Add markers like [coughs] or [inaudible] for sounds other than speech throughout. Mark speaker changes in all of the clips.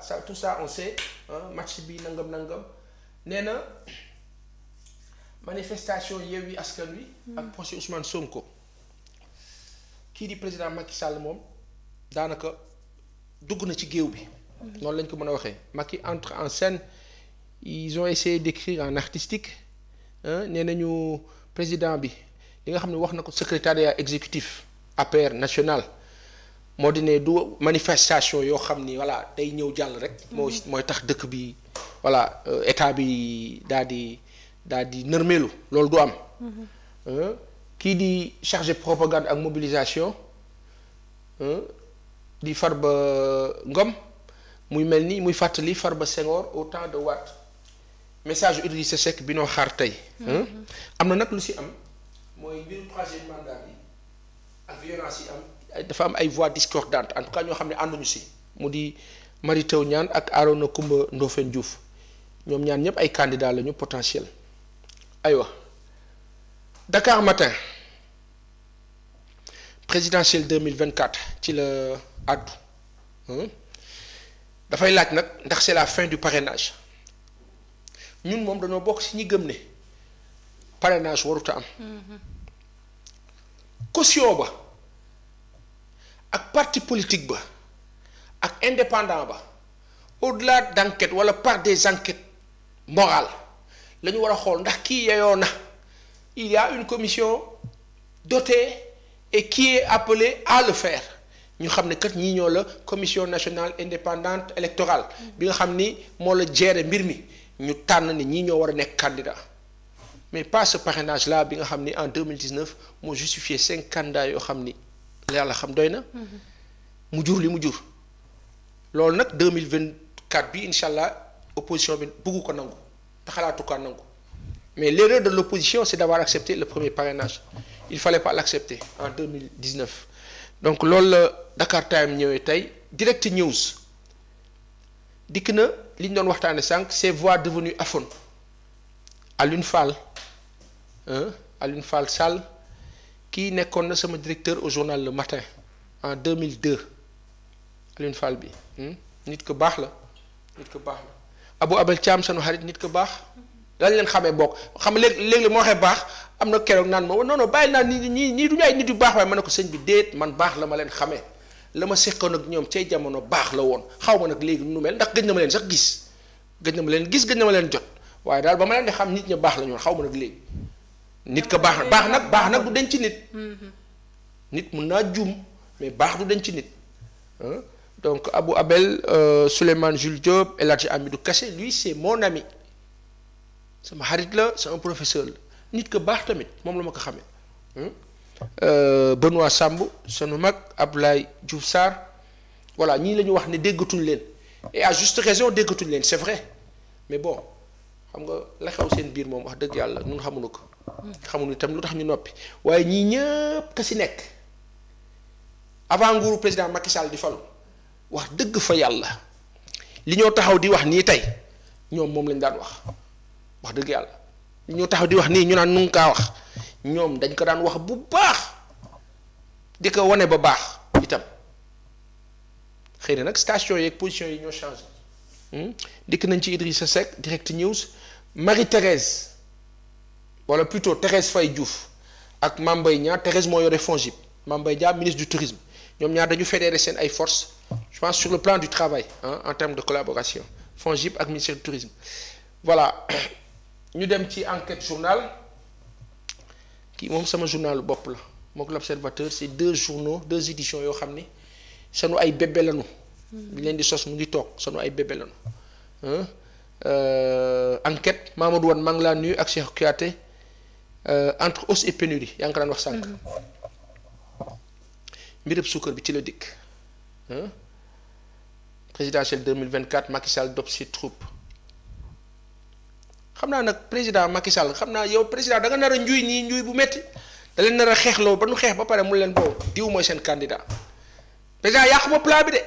Speaker 1: ça ça tout ça on sait match bi nangam nangam nee na manifestation yi Askan Wi. Hmm. ak procès Ousmane Sonko. kii di président Macky Sall moom daanaka dugg na ci géew bi. Hmm. noonu lañ ko mën a waxee Macky entre en scène ils ont essayé d'écrire en artistique nee nañu président bi li nga xam ne wax na ko secrétariat exécutif APR nationale moo di ne du manifestation yoo xam ni voilà day ñëw jàll rek. Mm-hmm. moo mooy tax dëkk bi voilà euh, état bi daal di daal di nërmeelu loolu du am. Mm-hmm. Euh, kii di chargé propagande ak mobilisation euh, di Farba Ngom muy mel ni muy fàttali far ba Senghor au temps de Wade message Idrissa Seck bi noo xaar tey. Mm-hmm. am na nag lu si am. mooy mbiru troisième mandat bi ak violence yi am. dafa am ay voix discordantes en tout cas ñoo xam ne ànduñu si mu di Mary Teuw Niane ak Arona Coumba Ndoffène Diouf ñoom ñaan ñëpp ay candidats lañu potentiel aywa Dakar Matin présidentielle 2024 ci la addu dafay laaj nag ndax c'est la fin du parrainage ñun moom dañoo bokk ci ñi gëm ne parenage warut am mm-hmm. caution ba ak parti politique ba ak indépendant ba au-delà d'enquête wala part des enquêtes morales lañu war a xool ndax kii yeyoo na il y une commission dotée et kii est appelée à le faire ñu xam ne kat ñii ñoo la commission nationale indépendante électorale bi nga xam ni moo la gérer mbir mi ñu tànn ni ñii ñoo war a nekk candidat mais pas ce parrainage là bi nga xam ni en 2019 moo justifié cinq candidats yoo xam ni la yàlla xam doy na. mu jur li mu jur. loolu nag deux mille vingt quatre bi incha allah opposition bi bëggu ko nangu te xalaatu ko nangu mais l'erreur de l'opposition c'est d'avoir accepté le premier parrainage il fallait pas l'accepter en deux mille dix neuf donc loolu la Dakar Time ñëwee tey direct news dikk na li ñu doon waxtaane sànq ces voix devenues aphones Alioune Fall Alioune Fall Sall. kii nekkoon na sama directeur au journal Le Matin en 2002 Alioune Fall bi hmm? nit ku baax la nit ku baax la Abou Abel Thiam sunu xarit nit ku baax lañ leen xamee bokk xam léegi léegi moo waxee baax am na keroog naan ma non non bàyyi naa nit ñi ñii du ñu ay nit yu baax waaye ma ne ko sëñ bi déet man baax la ma leen xamee la ma seqoon ak ñoom cay jamono baax la woon xaw ma nag léegi nu mel ndax gëj na ma leen sax gis gëj na ma leen gis gëj na ma leen jot waaye daal ba ma leen di xam nit ña baax la ñu xaw ma nag léegi nit ka baax baax nag baax nag du denc nit. Mm-hmm. nit mun naa juum mais baax du denc nit. donc Abou Abel euh, Souleymane Jules Diop El Hadji Amidou Kassé lui c'est mon ami sama xarit la sama professeur la nit ka baax tamit moom la ma ko xamee. Euh, Benoît Samb sunu mag Abdoulaye Diouf Sarr voilà ñii la ñu wax ni déggatuñ leen et à juste raison déggatuñ leen c'est vrai mais bon xam nga la xew seen biir moom wax dëgg yàlla ñun xamuñu ko. xamuñu itam lu tax ñu noppi waaye ñii ñëpp ka si nekk avant nguuru président Macky Sall di falu wax dëgg fa yàlla li ñoo taxaw di wax nii tey ñoom moom lañ daan wax wax dëgg yàlla li ñoo taxaw di wax nii ñu naan nu kaa wax ñoom dañ ko daan wax bu baax di ko wane ba baax itam xëy na nag station yeeg position yi ñoo changé hmm? dikk nañ ci Idrissa Seck direct news Marie Thérèse wala plutôt Thérèse fay Diouf ak Mame Mbaye Niang Thérèse moo yore FONGIP Mame Mbaye Niang ministre du tourisme ñoom ñaar dañu fédérer seen ay force je pense sur le plan du travail hein, en termes de collaboration FONGIP ak ministère du tourisme voilà [clears throat] ñu dem ci enquête journal kii moom sama journalu bopp la moo mook l'observateur c'est deux journaux deux éditions yoo xam ni sanu ay bébé lanu leen di sos mu ngi toog sanu ay bébé lanu euh, enquete Mamadou Wane maa ngi laa nuyu ak Cheikh Kouyaté Euh, entre hausse et pénurie yaa ngi daan wax sànq. Mhm. mbirëb suukar bi ci la dikk présidentielle 2024 Macky Sall dob si troupe xam naa nag président Macky Sall xam naa yow président da nga nar a njuy ñii njuy bu metti daleen leen a xeexloo ba nu xeex ba pare mu leen boobu diw mooy seen candidat président yàquma plat bi de.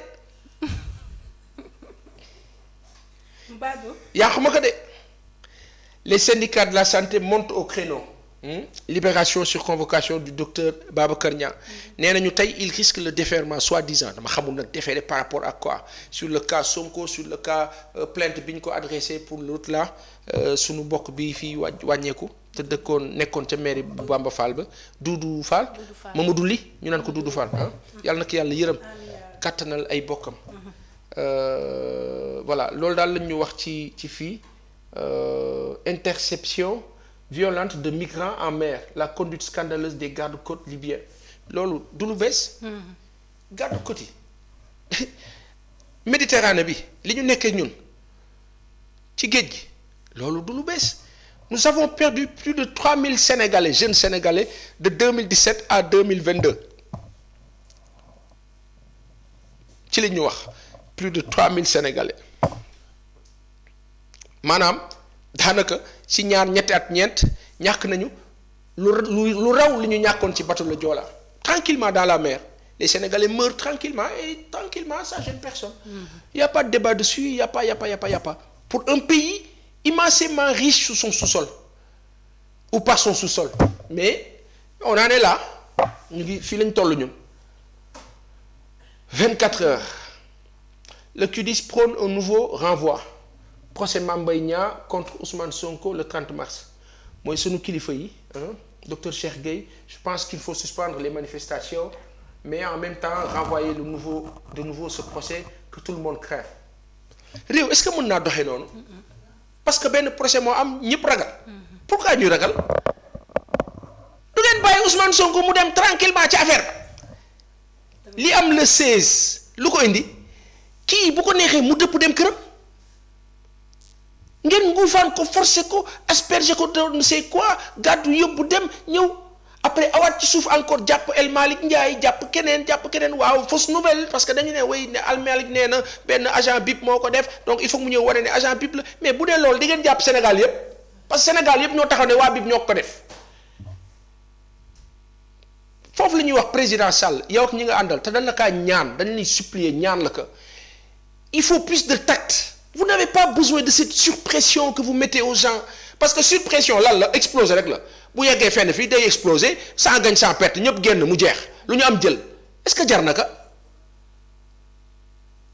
Speaker 1: Mbadou yàquma ko de les syndicats de la santé montent au créneau. Hmm? libération sur convocation du docteur kër Niang hmm. nee nañu tey il risque le déferment soi-disant dama xamul nag déféré par rapport à quoi sur le cas Sonko sur le cas euh, plainte bi ñu ko adressé pour l'autre la euh, sunu mbokk bi fii wàññeeku te dëkkoon nekkoon ca mairie bu Bamba Fall ba Doudou Fall Mamadou Ly ñu naan ko Doudou Fall hmm. ah yàlla na yàlla yërëm kàttanal ay bokkam euh, voilà loolu daal lañ ñu wax ci ci fii interception violente de migrants en mer la conduite scandaleuse des gardes-côtes libyens loolu du lu bees. Hmm. gardes-côtes yi [laughs] Méditerranée bi li ñu nekkee ñun ci géej gi loolu du lu bees nu avons perdu plus de 3000 sénégalais jeunes sénégalais de 2017 à 2022 ci li ñu wax plus de 3000 sénégalais maanaam. daanaka ci ñaar ñetti at ñeent ñàkk nañu lu lu raw li ñu ñàkkoon ci bateau le Joola tranquillement dans la mer les Sénégalais meurent tranquillement et tranquillement ça gêne personne mm-hmm. y a de débat dessus y a pas y a y a pour un pays immensément riche sous son sol ou par son sous-sol mais on en est là ñu ngi fii lañ toll ñun quatre heures le CUDIS prône un nouveau renvoi procès Mame Mbaye Niang contre Ousmane Sonko le 30 mars mooy suñu kilifa yi docteur Cheikh Gueye je pense qu'il faut suspendre les manifestations mais en même temps renvoyer le nouveau de nouveau ce procès que tout le monde craint réew est que mun naa doxee noonu parce que benn procès moo am ñëpp ragal pourquoi ñuy ragal du leen bàyyi Ousmane Sonko mu dem tranquillement ci affaire ba li am le 16 lu ko indi kii bu ko neexee mu dëpp dem këram ngeen nguufaan ko forcé ko asperger ko doon c'est quoi gàddu yóbbu dem ñëw après awaat ci suuf encore jàpp El Malick Ndiaye jàpp keneen jàpp keneen waaw fausse nouvelle parce que dañu ne way ne El Malick nee na benn agent BIP moo ko def donc il faut mu ñëw wane ne agent BIP la mais bu dee loolu di ngeen jàpp Sénégal yépp parce que Sénégal yëpp ñoo taxaw ne waa BIP ñoo ko def foofu la ñuy wax président Sall yow ak ñi nga àndal te dañ na kaa ñaan dañ lay supplier ñaan faut plus de tact vous n'avez pas besoin de cette surpression que vous mettez aux gens parce que surpression lan la exploser rek la bu yeggee fenn fii day exploser sans gagne sans perte ñëpp génn mu jeex lu ñu am jël est-ce que jar na ka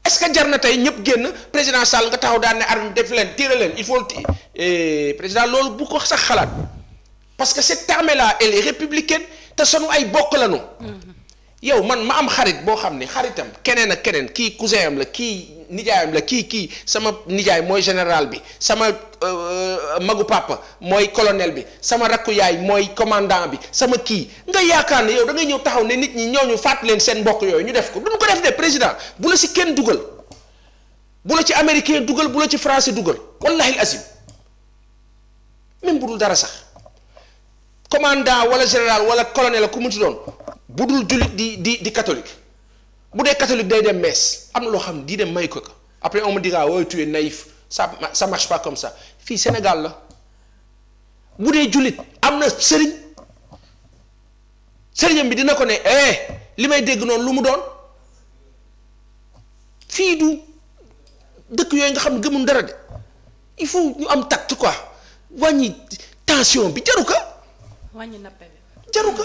Speaker 1: est-ce que jar na tey ñëpp génn président Sall nga taxaw daan ne arme def leen tiire leen il faut eh, président loolu bu ko sax xalaat parce que cette armée là elle est républicaine te sunu ay bokk lañu mm-hmm. yow man ma am xarit boo xam ni xaritam keneen ak keneen kii cousin am la kii nijaayam la kii kii sama nijaay mooy général bi sama euh, magu papa mooy colonel bi sama rakku yaay mooy commandant bi sama kii nga yaakaar ne yow da ngay ñëw taxaw ne nit ñi ñooñu faat leen seen mbokk yooyu ñu def ko duñ ko def de président bu la si kenn dugal bu la ci américain dugal bu la ci français dugal wallahi azim même bu dul dara sax commandant wala général wala colonel ku mu ci doon bu dul jullit di di di catholique bu dee catholique day dem mees am na loo xam ne di dem may ko ko après on me dira ouais oh, tu es sa ça ça pas comme ça fii Sénégal la bu dee jullit am na sëriñ sëriñam bi dina ko ne eh li may dégg noonu lu mu doon fii du dëkk yooyu nga xam gëmul dara de il faut ñu am tact quoi wàññi tension bi jaru ka wàññi nappe bi jaru ka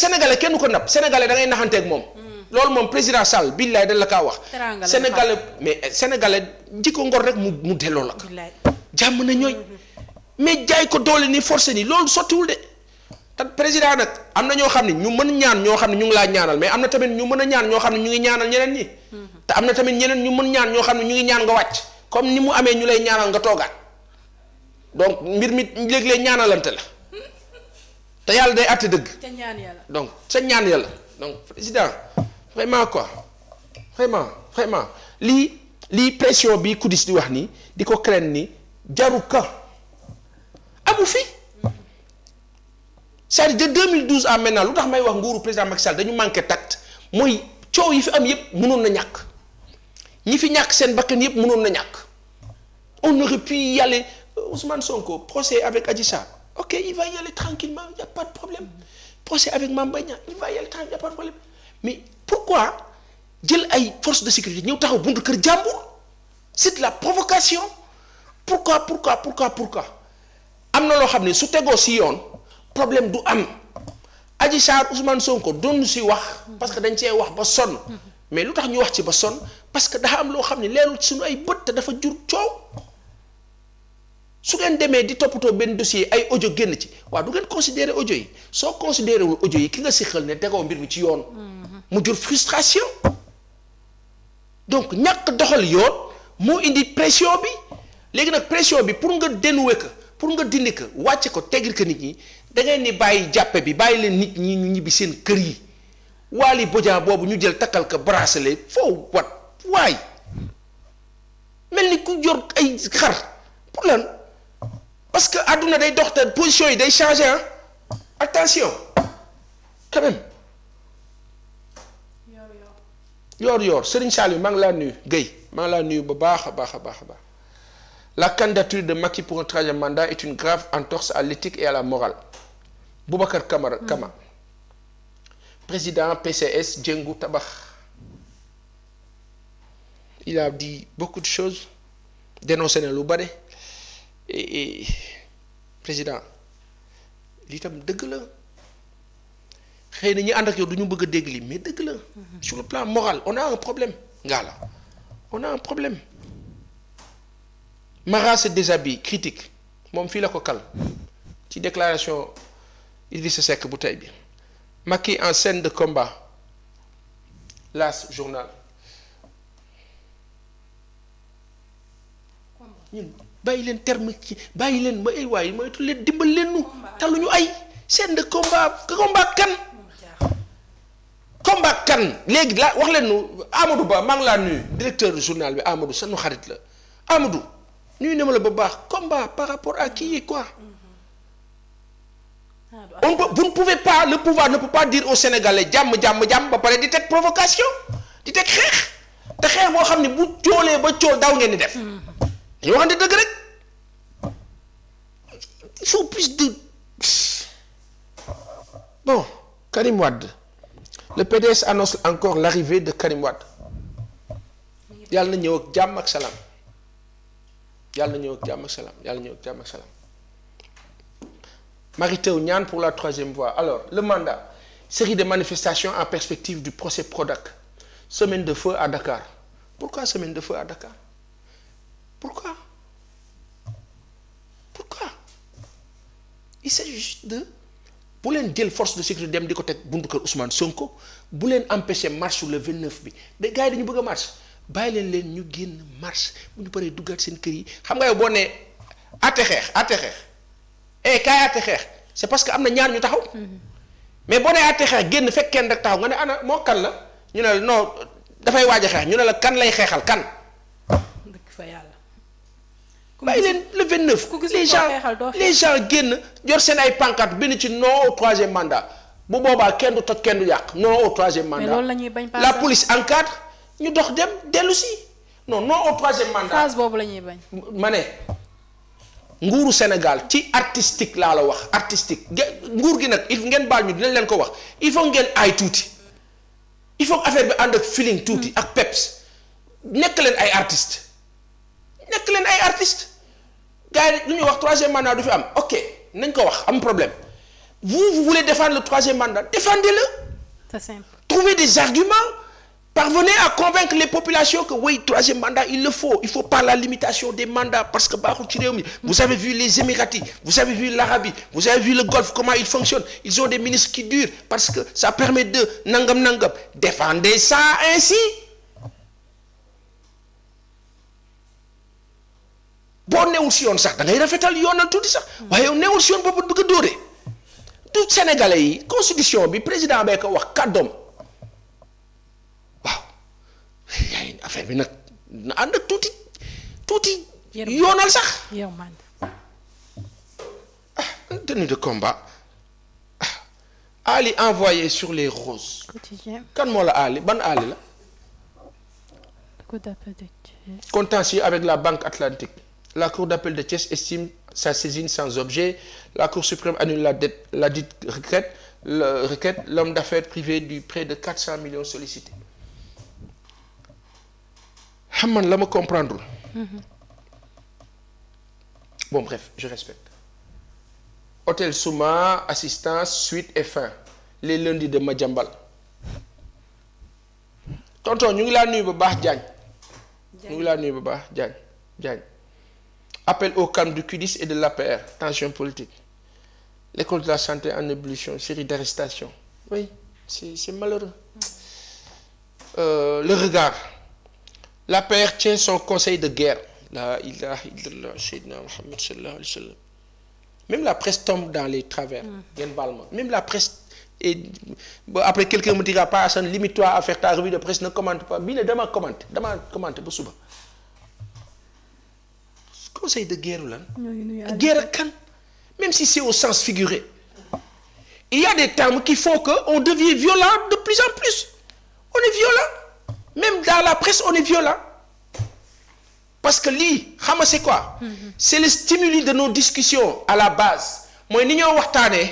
Speaker 1: te kenn ko nab sénégalais da ngay naxanteeg moom. Mm. loolu moom président Sall billaay dañ la kaa wax. sénégalais mais sénégalais jikko ngor rek mu mu delloo la ko. jàmm na ñooy. Mm-hmm. mais jaay ko doole ni force ni loolu sottiwul de te président nag am na ñoo xam ne ñu mën ñaan ñoo xam ne ñu ngi laa ñaanal mais am na tamit ñu mën a ñaan ñoo xam ne ñu ngi ñaanal ñeneen ñi. Mm-hmm. te am na tamit ñeneen ñu mën ñaan ñoo xam ne ñu ngi ñaan nga wàcc comme ni mu amee ñu lay ñaanal nga toogaat donc mbir mi léeg-léeg ñaanalante la. te yàlla day àtte dëgg.
Speaker 2: ca ñaan yàlla
Speaker 1: donc ca ñaan yàlla donc président vraiment quoi vraiment vraiment lii lii pression bi kudis di wax nii di ko craindre ni jaru ka amu fi c'est-à-dire de 2012 à maintenant lu tax may wax nguuru président Macky dañu manqué tact mooy coow yi fi am yépp mënoon na ñàkk ñi fi ñàkk seen bakkan yépp mënoon na ñàkk on aurait pu y aller euh, Sonko procès avec Adji Sarr ok il va y aller tranquillement il n'y a pas de problème procès avec Mame Mbaye Niang il tranquillement il problème mais pourquoi jël ay forces de sécurité ñëw taxaw buntu kër jàmbur c'est de la provocation pourquoi pourquoi pour pourquoi am na loo xam ne su tegoo si yoon problème du am Adji Sarr Ousmane Sonko doon si wax parce que dañ cee wax ba sonn mm-hmm. mais lu tax ñu wax ci ba sonn parce que dafa am loo xam ne leerul suñu ay bët te dafa jur coow su ngeen demee di toppatoo benn dossier ay ojo génn ci waaw du ngeen considérer ojo yi soo considéré wul audio yi ki nga sixal ne tegoo mbir ci yoon
Speaker 2: mm-hmm.
Speaker 1: mu jur frustration donc ñàkk doxal yoon moo indi pression bi léegi nag pression bi pour nga dénouer ko pour nga dindi ko ko teggil nit ñi da ngeen bàyyi jàppe bi bàyyi leen nit ñi ñu ñibbi seen kër yi waali boja boobu ñu jël takkal ko bracelet foo wat waay mel ni ku jor ay xar pour lan parce que àdduna day dox te position yi day changer ah attention quand yoor yoor Serigne Saliou maa laa nuyu Guèye maa laa nuyu bu baax a baax a baax a baax la candidature de Macky pour un troisième mandat est une grave entorse à l'éthique et à la morale Boubacar Camara mm. Kama président PCS Diengou Tabax il a dit beaucoup de choses dénoncé na lu bare Eh, eh, président lii tam dëgg la xëy na ñi ànd ak yow du ñu bëgg a dégg lii mais dëgg la. Mm-hmm. sur le plan moral on a un problème. ngaa la on a un problème. Mara se déshabille critique moom fii la ko kal ci déclaration Idrissa Seck bu tey bi Macky en scène de combat L'As journal bàyyi leen terme ci bàyyi leen ma ay waay leen dimbal leen nu taluñu ay sedd de combat combat kan combat kan léegi la wax leen nu Amadou Ba maa ngi directeur journal bi Amadou sanu xarit la Amadou nuyu ne ma la ba baax combat par rapport à qui quoi on peut vous ne pouvez pas le pouvoir ne peut pas dire aux Sénégalais jàmm jàmm jàmm ba pare di teg provocation di teg xeex te xeex boo xam ne bu coolee ba cool daw ngeen di def ñu waxante dëgg rek ils sont plus de bon Karim Wade le PDS annonce encore l'arrivée de Karim Wade yàlla na ñëw ak jàmm ak salaam yàlla na ñëw ak jàmm ak salaam yàlla na ñëw ak jàmm ak salaam Mary Teuw Niane pour la troisième fois alors le mandat série de manifestations en perspective du procès Prodac semaine de feu à Dakar pourquoi semaine de feu à Dakar pour Pourquoi il s'agit juste de bu leen jël force de sécurité dem di ko teg buntu kër Ousmane Sonko bu leen empêcher marche le 29 bi da gars yi dañu bëgg a marche bàyyi leen leen ñu génn marche bu ñu paree duggaat seen kër yi xam nga yow boo nee àtte xeex àtte xeex eh kaay àtte xeex c'est parce que am na ñaar ñu taxaw mais boo nee àtte xeex génn fekk kenn rek taxaw nga ne ana moo kan la ñu ne la non dafay waaj a xeex ñu ne la kan lay xeexal kan. bàyyi leen le 29. les gens les gens génn yor seen ay pancarte benn ci non au troisième mandat bu boobaa kenn du toj kenn du yàq non au troisième mandat. mais la ñuy bañ la police encadre ñu dox dem dellusi si non non au troisième mandat. phase boobu la ñuy bañ. ma ne nguuru Sénégal ci artistique laa la wax artistique nguur gi nag il ngeen baal ñu dinañ leen ko wax il faut ngeen ay tuuti il faut affaire bi ànd ak feeling tuuti hmm. ak peps nekk leen ay artistes nekk leen ay artistes. gars lu ñuy wax troisième mandat du fi am ok nañ ko wax am problème vous vous voulez défendre le troisième mandat défendez-le. c'est simple. trouvez des arguments parvenez à convaincre les populations que oui troisième mandat il le faut pas la limitation des mandats parce que baaxul ci réew mi. vous avez vu les Émiratis vous avez vu l'Arabie vous le Golfe comment ils fonctionnent ils ont des ministres qui durent parce que ça permet de nangam nangam défendez ça ainsi. boo newul si yoon sax da ngay rafetal yoonal tuuti sax waaye yow newul si yoon boobu bëgg a dóoree du sénégalais yi constitution bi président bee ko wax kàddoom waaw bi nag na ànd ak tuuti tuuti. sax ah tenue de combat ah Ali envoyé sur les roses. kan moo la Ali ban la. contentieux avec la banque atlantique. La Cour d'appel de Thiès estime sa saisine sans objet. La Cour suprême annule la, dette, la dite requête. la requête, l'homme d'affaires privé du prêt de 400 millions sollicité. xam man la ma comprendre. Mm-hmm. bon bref je respecte. hôtel Souma assistance suite et fin les lundis de Madiambal. tonton ñu ngi laa nuyu bu baax Diagne. ñu ngi laa nuyu bu baax Diagne Diagne. appel au calme du QDIS et de l'APR tension politique l'école de la santé en ébullition série d'arrestations oui c'est c'est malheureux euh, le regard l'APR tient son conseil de guerre la ilaha illallah sayyidina Muhammad sallallahu alayhi wa sallam même la presse tombe dans les travers mm. ngeen baal ma même la presse et après quelqu'un me dira pas Assane limite-toi à faire ta revue de presse ne commente pas bii ne dama commente dama commente ba suba conseil de guerre lan. guerre kan même si c'est au sens figuré il y a des termes qui font que on devient violent de plus en plus on est violent même dans la presse on est violent parce que lii xam nga quoi. c'est le stimuli de nos discussions à la base mooy ni ñoo waxtaanee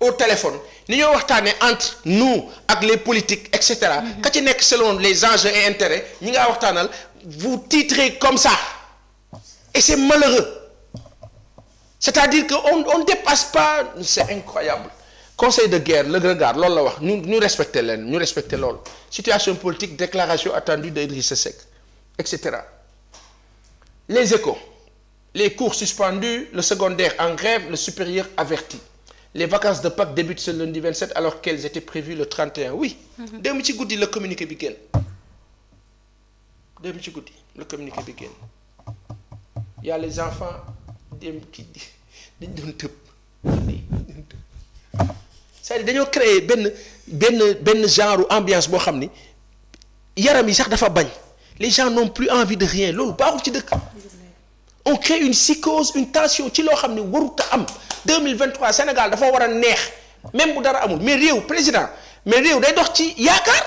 Speaker 1: au téléphone ni ñoo waxtaanee entre nous ak les politiques et cetera. Mm-hmm. ka ci nekk selon les enjeux et intérêts ñi ngaa waxtaanal vous titrez comme ça. Et c'est malheureux. C'est-à-dire qu'on on dépasse pas, c'est incroyable. Conseil de guerre, le regard, loolu la wax ñu ñu respecter leen ñu respecter loolu situation politique déclaration attendue de Idrissa Seck etc. Les échos les cours suspendus le secondaire en grève le supérieur averti les vacances de Pâques débutent ce lundi 27 alors qu'elles étaient prévues le 31
Speaker 2: mhm.
Speaker 1: ci guddi la bi génn démb ci guddi la communiqué bi yàlla a les enfants dem ki dañoo créer benn benn benn genre ambiance boo xam ni yaram yi sax dafa bañ les gens n'ont plus envie de rien loolu baaxul ci dëkk on crée une psychose une tension ci loo xam ne warut a am 2023 Sénégal dafa war a neex même bu dara amul mais réew président mais réew day dox ci yaakaar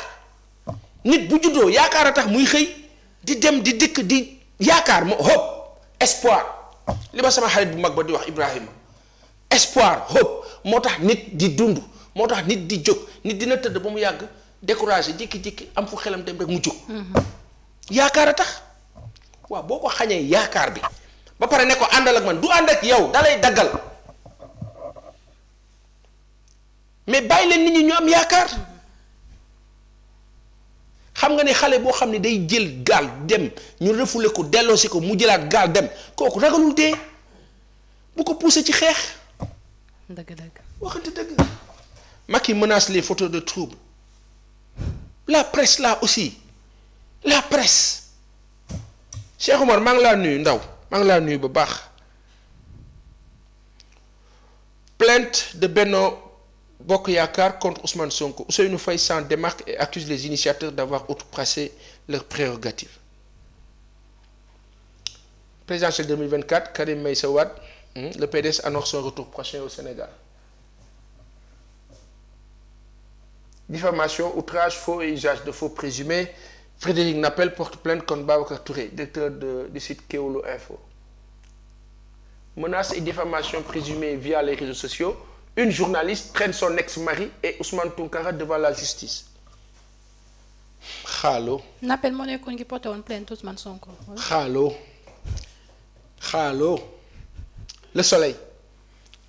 Speaker 1: nit bu juddoo yaakaar a tax muy xëy di dem di dikk di yaakaar ma hopp espoir li ma sama xarit bu mag ba di wax Ibrahima espoir hope moo tax nit di dund moo tax nit di jóg nit dina tëdd ba mu yàgg découragé jékki-jékki am fu xelam dem rek mu jóg. yaakaar a tax waaw boo ko xañee yaakaar bi ba pare ne ko àndal ak man du ànd ak yow dalay daggal mais bàyyi leen nit ñi ñu am yaakaar. xam nga ne xale boo xam ne day jël gaal dem ñu refule ko delloosi ko mu jëlaat gaal dem kooku ragalul dee bu ko poussé ci xeex. dëgg dëgg waxante dëgg. Macky menace photo de trouble la presse laa aussi la presse Cheikh Omar maa ngi laa nuyu ndaw maa ngi laa nuyu bu baax plainte de Benno Bokk Yaakaar contre Ousmane Sonko Ousseynou Faye s'en démarque et accuse les initiateurs d'avoir outrepassé leurs prérogatives présidentielle 2024 Karim Meïssa Wade hmm, le PDS annonce son retour prochain au Sénégal diffamation outrage faux et usage de faux présumés Frédéric Nappel porte plainte contre Babacar Touré directeur de du site Kewoulo Info menaces et diffamation présumées via les réseaux sociaux une journaliste traîne son ex-mari et Ousmane Tounkara devant la justice. xaalo.
Speaker 2: nappel moo nekkoon ngi porté woon plainte Ousmane Sonko.
Speaker 1: xaalo xaalo. Le Soleil.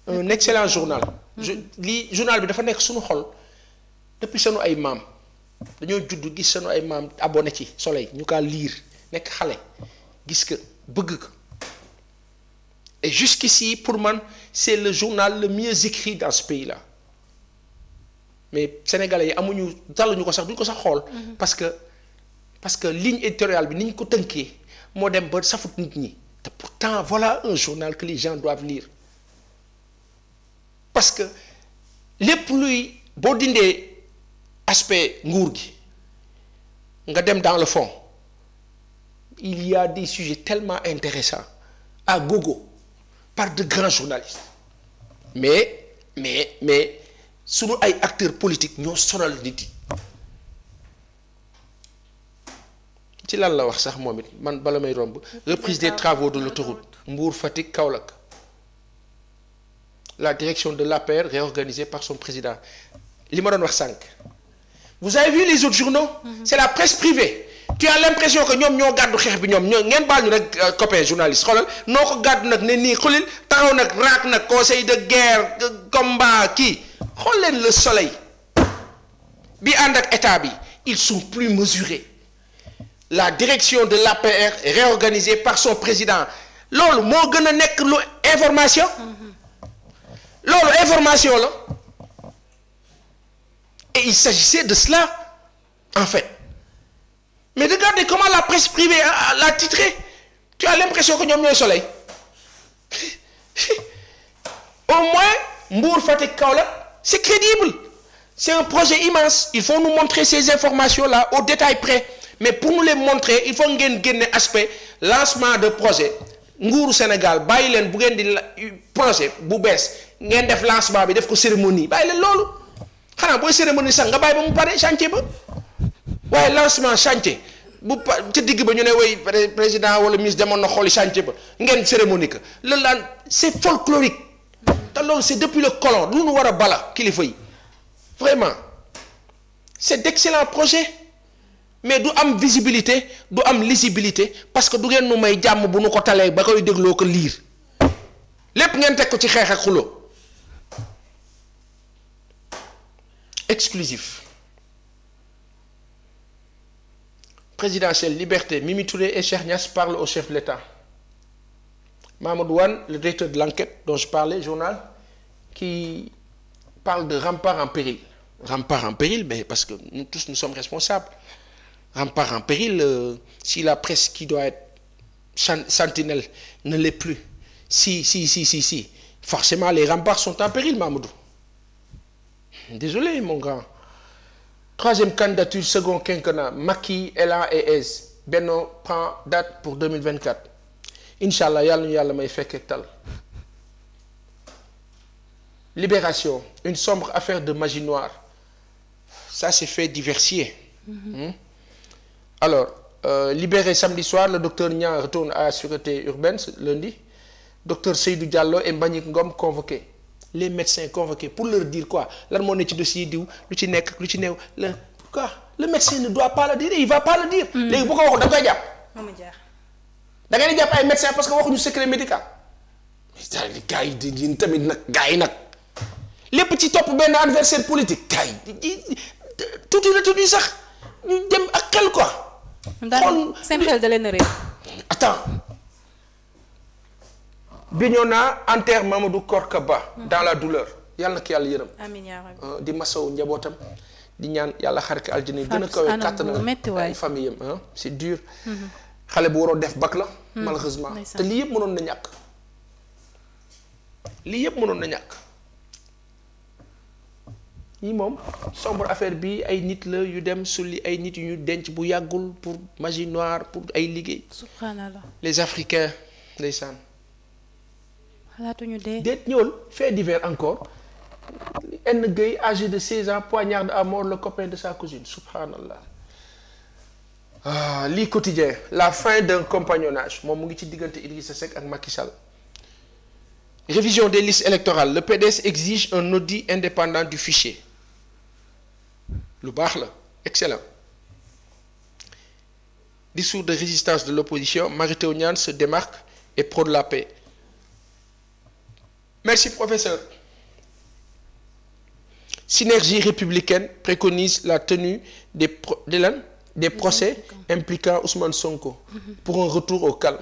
Speaker 1: un excellent journal. je lii journal bi dafa nekk suñu xol depuis sunu ay maam dañoo judd gis sunu ay maam abonné ci Soleil ñu kaa liir nekk xale gis ka bëgg ko. Et si pour man, c'est le journal le mieux écrit dans ce pays-là. Mais Sénégalais yi amuñu daluñu ko sax duñu ko sax xool. Mhm. parce que parce que ligne éditoriale bi ni ñu ko tënkee moo dem ba safut nit ñi. te pourtant voilà un journal que les gens doivent lire parce que lépp luy boo dindee aspect nguur gi nga dem dans le fond il y a des sujets tellement intéressants à gogo. par de grands journalistes mais mais mais sunu ay acteurs politiques ñoo sonal nit yi ci lan la wax sax moom it man bala may romb reprise des travaux de l'autoroute Mbour Fatick Kaolack la direction de l'APR réorganisée par son président li ma doon wax sànq vous avez vu les autres journaux mm-hmm. c'est la presse privée tu as l'impression que ñoom ñoo gàddu xeex bi ñoom ñoo ngeen baal ñu nag euh, copain journaliste xoolal noo ko gàdd nag ne nii xulil taxaw nag raak nag conseil de guerre combat kii xool leen le soleil bi ànd ak état bi ils sont plus mesurés la direction de la est réorganisée par son président loolu moo gën a nekk lu information mm-hmm. loolu information la et il s'agissait de cela en fait mais regardez comment la presse privée l'a titré tu as l'impression que ñoom ñooy soleil [laughs] au moins Mbour Fatick Kaolack c'est crédible c'est un projet immense il faut nous montrer ces informations la au détail près mais pour nous les montrer il faut ngeen génne aspect lancement de projet nguuru Sénégal bàyyi leen bu ngeen di euh, projet bu bees ngeen def lancement bi def ko cérémonie bàyyi leen loolu xanaa booy cérémonie sax nga bàyyi ba mu pare chantier ba waaye lancement chantier bu pa ca digg ba ñu ne way président wala ministre demoon na xooli chantier ba ngeen cérémonie que la laan c'est folklorique te lool c'est depuis le colon lu nu war a bala kilifa yi vraiment c'est d'excellents projet mais du am visibilité du am lisibilité parce que du ngeen nu may jàmm bu nu ko talee ba koy dégloo ko liir lépp ngeen teg ko ci xeex ak exclusif présidentielle liberté Mimi Touré et Cheikh Niass parlent au chef de l'État Mamadou Wane le directeur de l'enquête dont je parlais journal qui parle de rempart en péril rempart en péril mais parce que nous tous nous sommes responsables rempart en péril euh, si la presse qui doit être sentinelle ne l'est plus si si si si si forcément les remparts sont en péril Mamadou désolé mon grand troisième candidature second quinquennat Macky Elan et Aise Benno prend date pour 2024 incha allah yàlla ñu yàlla may fekkee tal libération une sombre affaire de magie noire ça c'est fait diversier mmh. Hmm? alors euh, libéré samedi soir le docteur Niang retourne à la sécurité urbaine lundi docteur Seydou Diallo et Mbagnick Ngom convoqués les médecins convoqués pour leur dire quoi lan moo ne ci dossier diw lu ci nekk lu ci néew la quoi la médecin ne doit pas le dire il va pas le dire. Mm. léegi bu ko waxul da nga koy jàpp. da ngay jàpp ay médecins parce que waxuñu secret médical. mais gars yi di yéen tamit nag gars yi nag lépp ci topp benn adversaire politique gars yi tuuti la tuuti sax ñu dem ak xel quoi. xool
Speaker 2: simple da leen a réer.
Speaker 1: Bignona enterre Mamadou Korka Ba mhm. dans la douleur yàlla na ko yàlla yërëm. Euh, di masawu njabootam. di ñaan yàlla xarit ko aljana gën a kawe kàttanal mhm. la. Mhm. te lii yëpp mënoon na ñàkk. lii yëpp mënoon na ñàkk. ñii moom sombre affaire bi ay nit la yu dem sulli ay nit yu ñu denc bu yàggul pour magie noire pour ay liggéey.
Speaker 2: subhanallah
Speaker 1: les africains ndeysaan. xalaatuñu dee déet ñëwal fait divers encore N Gueye âgé de 16 ans poignarde à mort la copain de sa cousine subhanallah ah lii quotidien la fin d'un compagnonnage moom mu ngi ci diggante Idrissa Seck ak Macky Sall révision des listes électorales le PDS exige un audit indépendant du fichier lu baax la excellent discours de résistance de l'opposition Mary Teuw Niane se démarque et prône la paix Merci, professeur. Synergie républicaine préconise la tenue des, pro de lan, des procès impliquant Ousmane Sonko pour un retour au calme.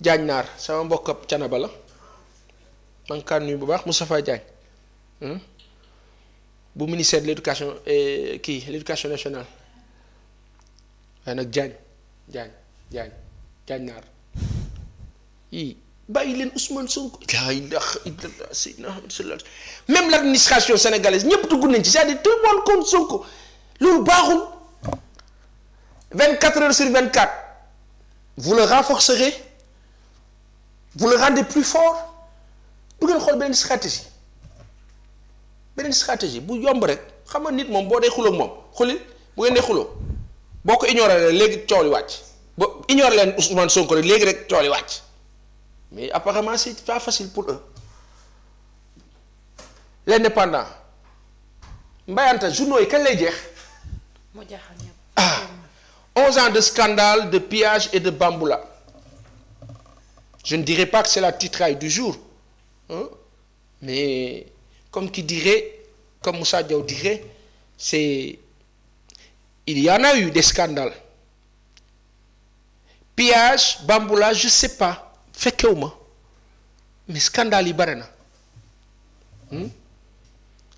Speaker 1: Diagne Naar sama mbokk ab canaba la nuyu bu baax Moustapha Diagne hmm? bu ministère de l' kii l' éducation nationale waaye nag Diagne Diagne Diagne Naar bàyyi leen Ousmane Sonko laa ilaha illallah sayyidina Muhammad sénégalaise ñëpp dugg nañ ci c'est-à-dire tout le monde lu Sonko loolu baaxul 24 heures sur 24 vous le renforcerez vous le plus fort bu ngeen xool beneen stratégie beneen stratégie bu yomb rek xam nga nit moom boo dee xuloo moom xulil bu ngeen dee xuloo boo ko ignoré léegi coow li wàcc ba ignoré leen Ousmane Sonko léegi rek coow li wàcc. mais apparemment c'est pas facile pour eux l'indépendant mbayanta journaux yi kañ ah 11 ans de scandale de pillage et de bamboula je ne dirais pas que c'est la titraille du jour hein? mais comme qui dirait comme Moussa Diaw dirait c'est il y en a eu des scandales pillage bamboula je sais pas. fekkewu ma mais scandale yi bare na hmm?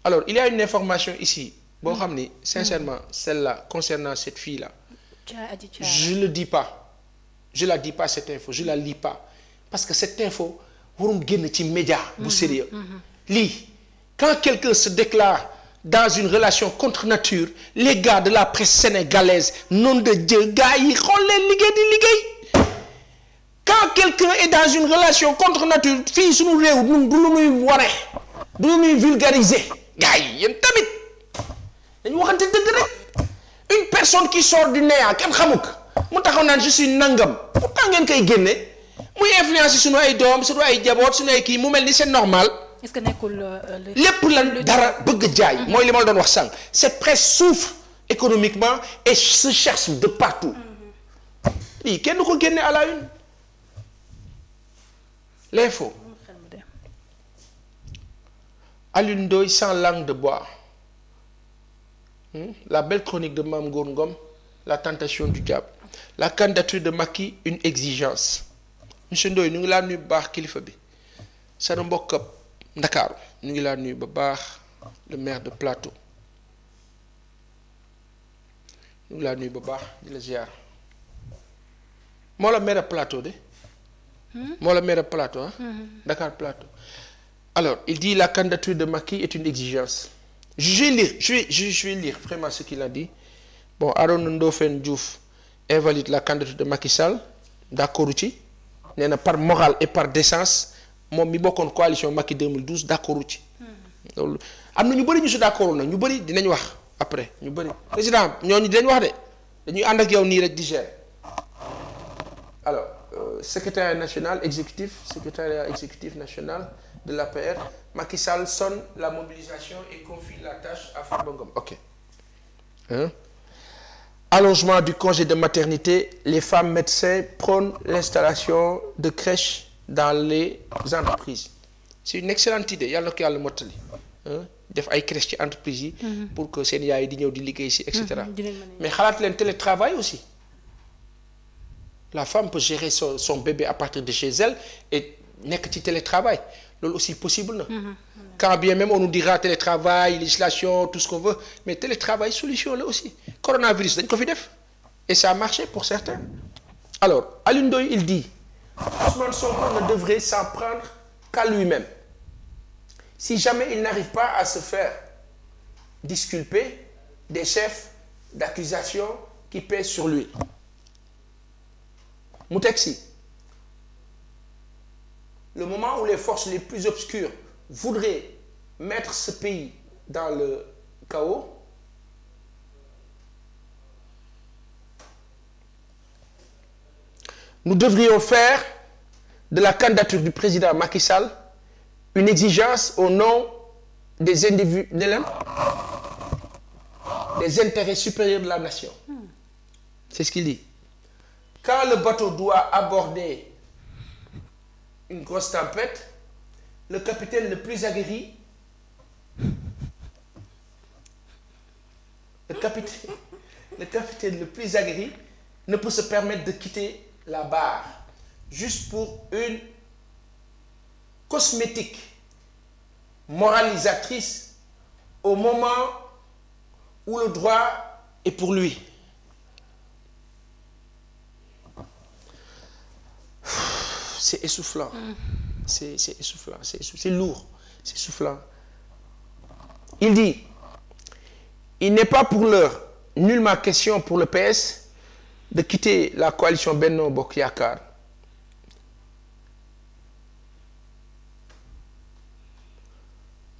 Speaker 1: alors il y a une information ici boo hmm. xam ni sincèrement hmm. celle-là concernant cette fille-là je le dis pas je la dis pas cette info je la lis pas parce que cette info warum génn ci média bu sérieux lii quand quelqu'un se déclare dans une relation contre nature les gars de la presse sénégalaise nom de Dieu gars yi xool di liggéey quand quelqu'un est dans une relation contre nature fii suñu réew ñun du lu muy wane du lu muy vulgariser gars yi yéen tamit dañu waxante dëgg rek une personne qui sort du néant kenn xamuk mu taxaw naan je suis nangam pourtant ngeen koy génne muy influencer suñu ay doom suñu ay jaboot suñu ay kii mu mel ni c'est normal.
Speaker 2: est-ce que nekkul euh, euh, lépp lan dara
Speaker 1: bëgg jaay. Mm-hmm. mooy li ma doon wax sànq cette presse souffre économiquement et se cherche de partout mm-hmm. lii kenn du ko génne à la une. l'info Alioune Ndoye sans langue de bois hmm? la belle chronique de maam Ngor Ngom la tentation du diable la candidature de Macky une exigence monsieur Ndoye ñu ngi laa nuyu bu baax kilifa bi seen mbokk ab Ndakaaru ñu ngi laa nuy ba baax le maire de Plateau ñu ngi laa nuyu ba baax la ziar moo la maire de Plateau de. Hmm? moo la maire Plateau ah. Dakar Plateau. alors il dit la candidature de Macky est une exigence. je vais lire je vais je vais lire vraiment ce qu'il a dit bon Arona Ndofène Diouf invalide la candidature de Macky Sall d'accord ci nee na par morale et par décence moom mi bokkoon coalition Macky 2012 d'accord ci. Hmm. loolu am na ñu bëri ñu si d'accord na ñu bëri dinañ wax après ñu bëri président ñooñu dinañ wax de dañuy ànd ak yow nii rek di gérer alors. Euh, secrétaire national exécutif secrétaire exécutif national de l'APR Macky Sall sonne la mobilisation et confie la tâche à Farba Ngom ok hein? allongement du congé de maternité les femmes médecins prônent l'installation de crèches dans les entreprises c'est une excellente idée yàlla ko yàlla mottali def ay crèches ci entreprise yi mm-hmm. pour que seen yaay di ñëw di liggéey mm-hmm. mais xalaat leen télétravail aussi la femme peut gérer son son bébé à partir de chez elle et nekk ci télétravail loolu aussi possible na. Mhm. quand bien même on nous dira télétravail législation tout ce qu'on veut mais télétravail solution la aussi coronavirus dañ ko fi def et ça a marché pour certains alors Alioune Ndoye il dit Ousmane Sonko ne devrait s'en prendre qu'à lui-même si jamais il n'arrive pas à se faire disculper des chefs d'accusation qui pèsent sur lui mu teg si le moment où les forces les plus obscures voudraient mettre ce pays dans le chaos nous devrions faire de la candidature du président Macky Sall une exigence au nom des individus des intérêts supérieurs de la nation. C'est ce qu'il dit. quand le bateau doit aborder une grosse tempête le capitaine le plus aguerri le capitaine le plus aguerri ne peut se permettre de quitter la barre juste pour une cosmétique moralisatrice au moment où le droit est pour lui c'est essoufflant. Mm. c'est c'est essoufflant c'est c'est lourd c'est essoufflant. il dit il n'est pas pour l'heure nullement question pour le PS de quitter la coalition Benno Bokk Yakaar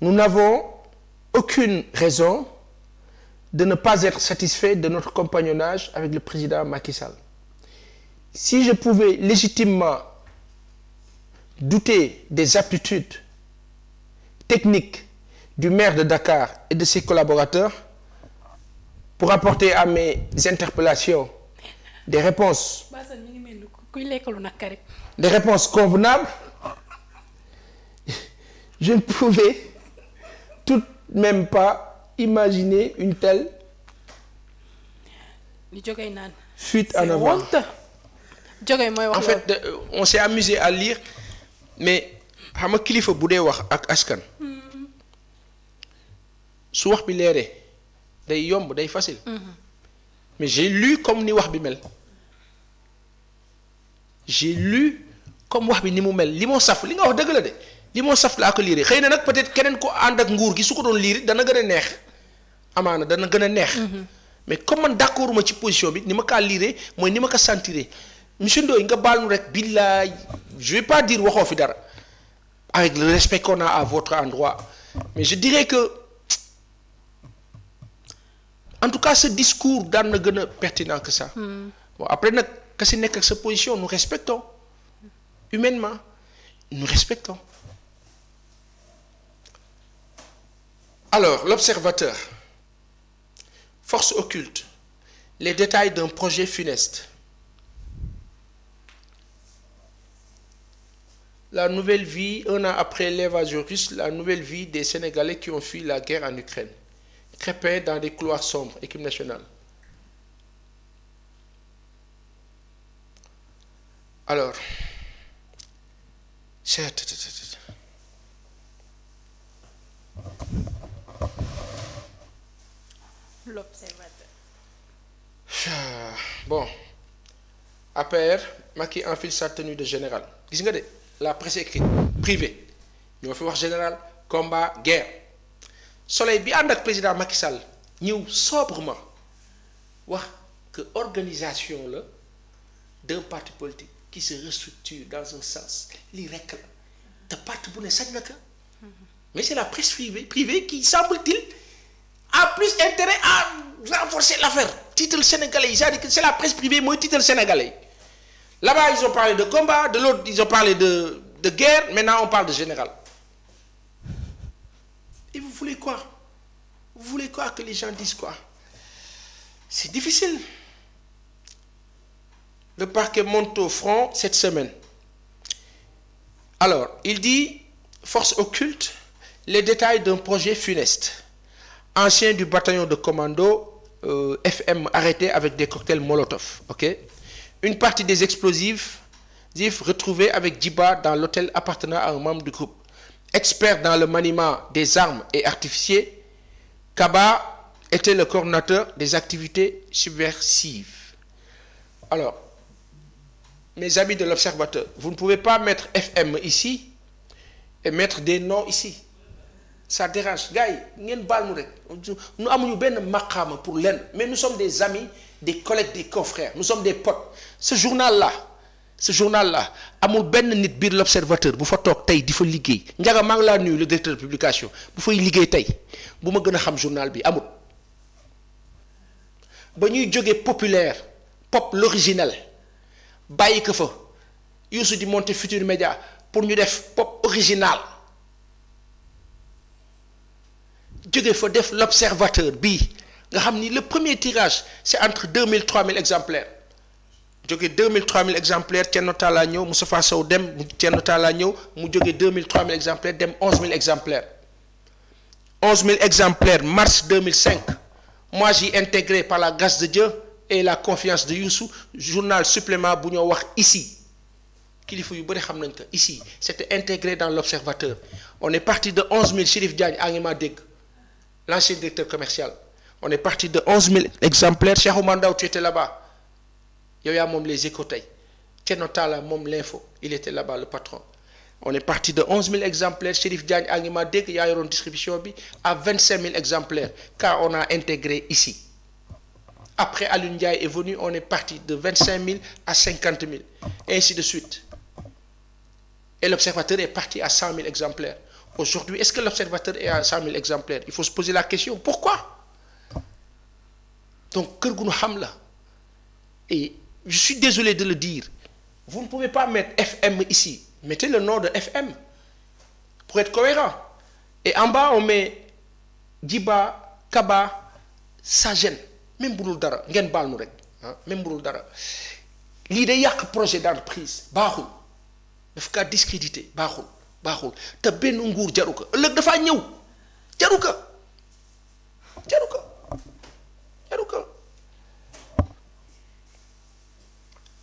Speaker 1: nous n'avons aucune raison de ne pas être satisfaits de notre compagnonnage avec le président Macky si je pouvais légitimement douter des aptitudes techniques du maire de Dakar et de ses collaborateurs pour apporter à mes interpellations des réponses des réponses convenables je ne pouvais tout de même pas imaginer une telle fuite en avant
Speaker 2: en fait
Speaker 1: euh, on s'est amusé à lire mais xam nga kilifa bu dee wax ak askan. su wax bi leeree day yomb day facile. mais j'ai lu comme ni wax bi mel. j'ai lu comme wax bi ni mu mel li moo saf li nga wax dëgg la de li moo saf laa ko liiree xëy na nag peut-être keneen ko ànd ak nguur gi su ko doon liiri dana gën a neex amaana dana gën a neex. Mm-hmm. mais comme man d'accord ma ci position bi ni ma kaa liiree mooy ni ma ko sentiree monsieur Ndoye nga baal nu rek billaay je vais pas dire waxoo fi dara avec le respect qu'on a à votre endroit mais je dirais que en tout cas ce discours daan na gën a pertinent que ça. Hmm. après nag ka si nekk ak sa position nous respectons humainement nous respectons. alors l'observateur force occulte les détails d'un projet funeste. la nouvelle vie, un an après l'évasion russe, la nouvelle vie des Sénégalais qui ont fui la guerre en Ukraine. Crépin dans des couloirs sombres, équipe nationale. Alors,
Speaker 2: L'observateur.
Speaker 1: Ah, bon, APR, Macky enfile sa tenue de général. la presse écrite privée ñoo fi wax général combat guerre soleil bi ànd ak président Macky Sall ñëw sobrement wax que organisation la d'un parti politique qui se restructure dans un sens li rekk la te parti bu ne sañ na ka mais c'est la presse privée privée qui semble-t-il a plus intérêt à renforcer l'affaire titre sénégalais yi à dire que c'est la presse privée mooy titre sénégalais Là-bas, ils ont parlé de combat, de l'autre, ils ont parlé de, de guerre, maintenant on parle de général. Et vous voulez quoi que les gens disent quoi C'est difficile. Le parquet monte au front cette semaine. Alors, il dit, force occulte, les détails d'un projet funeste. Ancien du bataillon de commando euh, FM arrêté avec des cocktails Molotov. ok Une partie des explosifs retrouvés avec jiba dans l'hôtel appartenant à un membre du groupe. Expert dans le maniement des armes et artificiers, Kaba était le coordinateur des activités subversives. Alors, mes amis de l'Observateur, vous ne pouvez pas mettre FM ici et mettre des noms ici. Ça dérange. Gaï, nous avons une bonne pour l'un, mais nous sommes des amis, des collègues, des confrères. Nous sommes des potes. ce journal la ce journal la amul benn nit biir l' observateur bu fa toog tey di fa liggéey njaga maa ngi laa nuyu le directeur publication bu fay liggéey tey bu ma gën a xam journal bi amul ba ñuy jógee populaire pop l'original bàyyi ko fa Youssou di monter Futur Média pour ñu def pop original jóge fa def l' observateur bii nga xam ni le premier tirage c' est entre deux mille trois mille exemplaires jóge 2000 3000 exemplaires Thierno Talla ñëw Moustapha Sow dem Thierno la ñëw mu jóge 2000 3000 exemplaires dem 11000 exemplaires 11000 exemplaires mars 2005 moi j'y intégré par la grâce de Dieu et la confiance de Youssou journal supplément bu ñoo wax ici kilifa yu bëri xam nañ ko ici c'était intégré dans l'Observateur on est parti de 11000 Chérif Diagne a ngi maa dégg l'ancien directeur commercial on est parti de 11000 exemplaires Cheikh Oumar Ndao tu étais là yow yaa moom les échos tey Thierno moom l'info il était là-bas le patron on est parti de onze mille exemplaires Chérif Diagne a ngi ma dégg yaa distribution bi à vingt cinq mille exemplaires car on a intégré ici après Alioune Ndiaye est venu on est parti de vingt cinq mille à cinquante mille et ainsi de suite et l'observateur est parti à cent mille exemplaires aujourd'hui est-ce que l'observateur est à cent mille exemplaires il faut se poser la question pourquoi donc kër gu xam la je suis désolé de le dire vous ne pouvez pas mettre FM ici mettez le nom FM pour être cohérent et en bas on met Djiba Kaba Sagène même bu dul dara ngeen baal nu rek ah même bu dul dara lii day yàq projet prise baaxul daf kaa discrédité baaxul baaxul te benn nguur jaru ko ëllëg dafaa ñëw jaru ko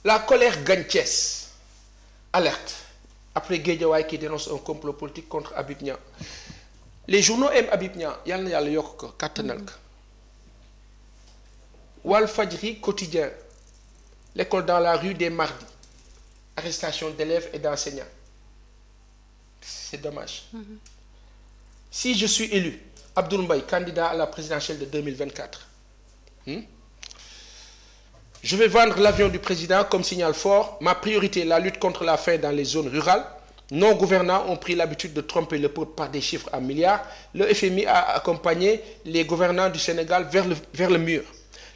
Speaker 1: la colère gagne Thiès alerte après Guédiawaye qui dénonce un complot politique contre Habib Niang les journaux aiment Habib Niang yal na yàlla yokk ko kàttanal ko Walfadjri quotidien l'école dans la rue des mardis arrestation d'élèves et d'enseignants c'est dommage mm -hmm. si je suis élu Abdoul Mbaye candidat à la présidentielle de 2024 hmm? je vais vendre l'avion du président comme signal fort ma priorité la lutte contre la faim dans les zones rurales nos gouvernants ont pris l'habitude de tromper le peuple par des chiffres à milliards le FMI a accompagné les gouvernants du Sénégal vers le vers le mur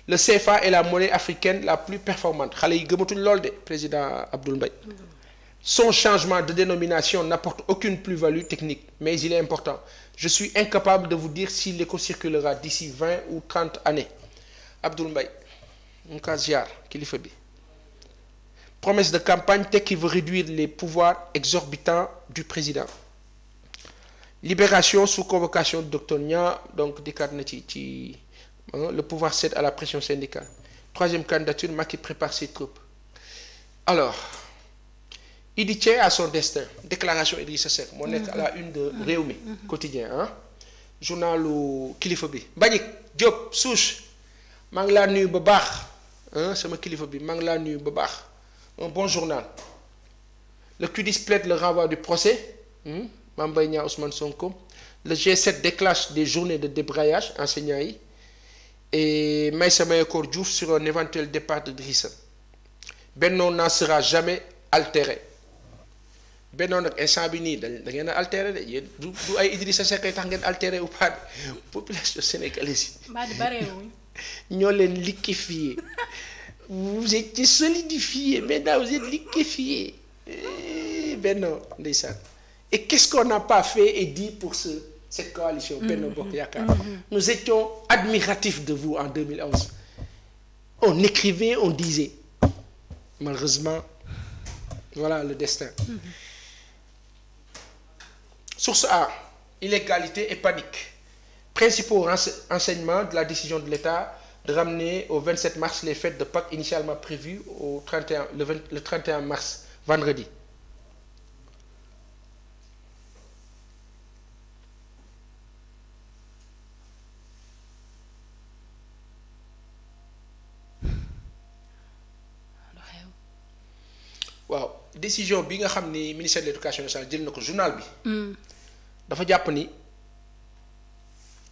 Speaker 1: le CFA est la monnaie africaine la plus performante xale yi gëmatuñ lool de président Abdoul Mbaye son changement de dénomination n'apporte aucune plus-value technique mais il est important je suis incapable de vous dire si l'éco circulera d'ici vingt ou trente années Abdoul Mbaye ñu ziar kilifa bi promesse de campagne Tekki veut réduire les pouvoirs exorbitants du président libération sous convocation du docteur Nia donc dikkaat na ci ci le pouvoir cède à la pression syndicale troisième candidature Macky prépare ses troupes alors Idi tient à son destin déclaration Idrissa Seck moo nekk à la une de Rewmi quotidien ah journalu kilifa bi Mbagnick Souche maa ngi laa nuyu ba baax sama kilifa bi maa laa nuyu ba baax un bon journal le QDIS plaide le renvoi du procès hmm? Mame Mbaye Niang Ousmane Sonko le G7 déclenche des journées de débrayage enseignants yi et Maïssa Mayakor Diouf sur un éventuel départ de Idrissa Benno n'en sera jamais altéré Benno nag instant bi nii da ngeen a altéré de yéen du du ay Idrissa Seck tax ngeen altéré ou pas population sénégalaise ñoo leen liquéfié vous étiez solidifié maintenant vous êtes liquéfié eh, Benno ndeysaan et qu'est-ce qu'on n'a pas fait et dit pour ce cette coalition Benno mm-hmm. Bokk mm-hmm. nous étions admiratifs de vous en 2011 on écrivait on disait malheureusement voilà le destin mm-hmm. source A illégalité et panique principaux ense de la décision de l'État de ramener au 27 mars les fêtes de Pâques initialement prévues au 31 le 20, le 31 mars vendredi. waaw décision bi nga xam ni ministère de l'éducation nationale jël na ko journal bi. Hmm. dafa jàpp ni.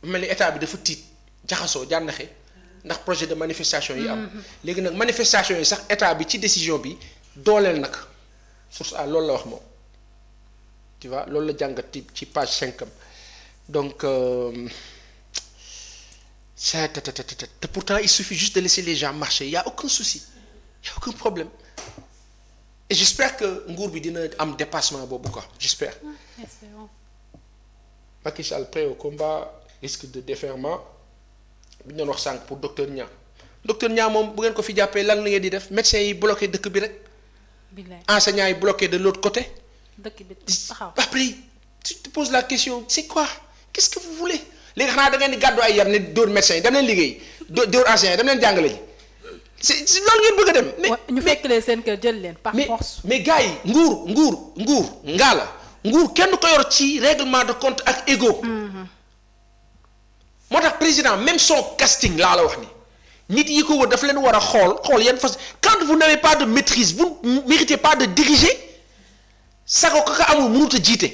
Speaker 1: mel ni état bi dafa tiit jaxasoo jànnaxe ndax projet de manifestation yi am. Mm-hmm. léegi nag manifestation yi sax état bi ci décision bi dooleel nag source a loolu la wax moom tu loolu la jàngat ci ci page cinq am donc euh, ça te pourtant il suffit juste de laisser les gens marcher il y a aucun souci il y a aucun problème et j'espère que nguur bi dina am dépassement boobu quoi j'espère. Ah, Macky Sall prêt au combat. risque de déferment bi ñu doon wax sànq pour docteur Niang docteur fi la ngeen di def médecins yi bloqué dëkk bi rek. l' autre côté. dëkk bi taxaw après tu te poses la question léegi xanaa da ngeen gàddu ay yam ne dóor médecins yi dem leen liggéey dóor enseignants yi dem leen jàngale ji. si loolu ngeen bëgg a dem. mais ñu fekk leen seen kër jël leen. par force mais mais yi nguur nguur ngaa la nguur kenn ko yor ci règlement de compte ak ego. Mm-hmm. moo tax président même son casting laa la wax ni nit yi ko wër daf leen war a xool xool yan fas quand vous n'avez pas de maîtrise vous ne méritez pas de diriger sago ko amul mënut a jiite